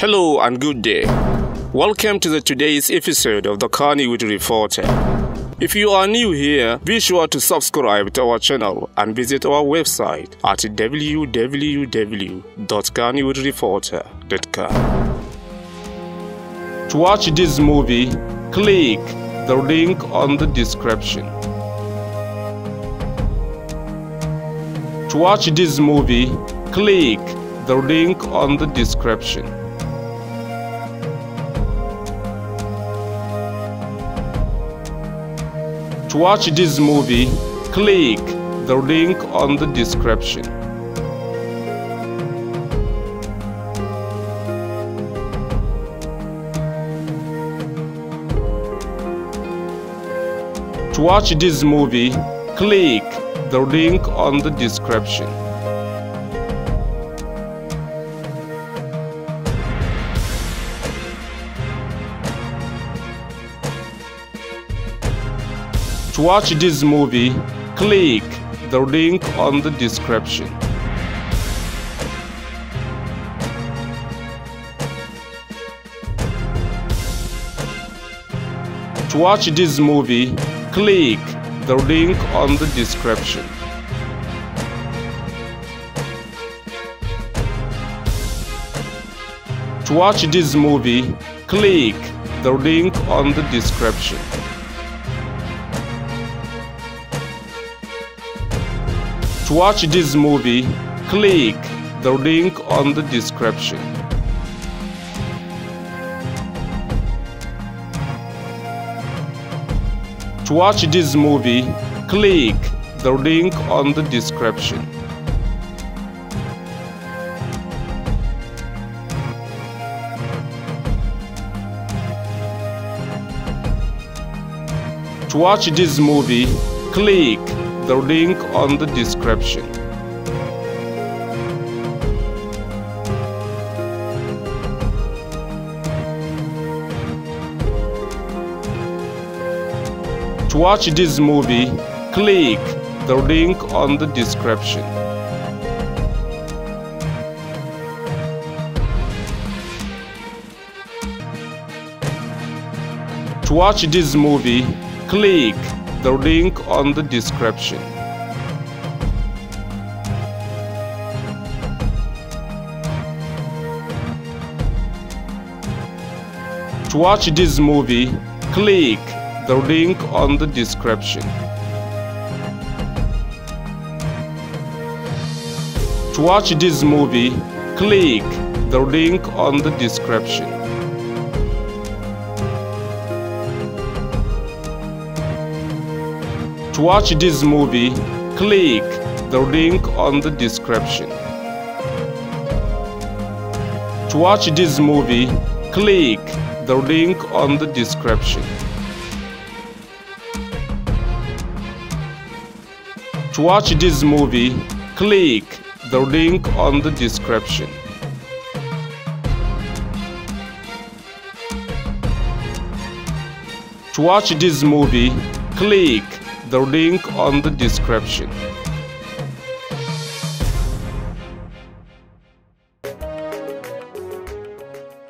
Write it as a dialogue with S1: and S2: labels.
S1: Hello and good day. Welcome to the today's episode of the Carnewood Reporter. If you are new here, be sure to subscribe to our channel and visit our website at www.carnewoodreporter.com. To watch this movie, click the link on the description. To watch this movie, click the link on the description. To watch this movie, click the link on the description. To watch this movie, click the link on the description. To watch this movie, click the link on the description. To watch this movie, click the link on the description. To watch this movie, click the link on the description. To watch this movie, click the link on the description. To watch this movie, click the link on the description. To watch this movie, click the link on the description. To watch this movie, click the link on the description. To watch this movie, click the link on the description. To watch this movie, click the link on the description. To watch this movie, click the link on the description. To watch this movie, click the link on the description. To watch this movie, click the link on the description. To watch this movie, click the link on the description. To watch this movie, click the link on the description.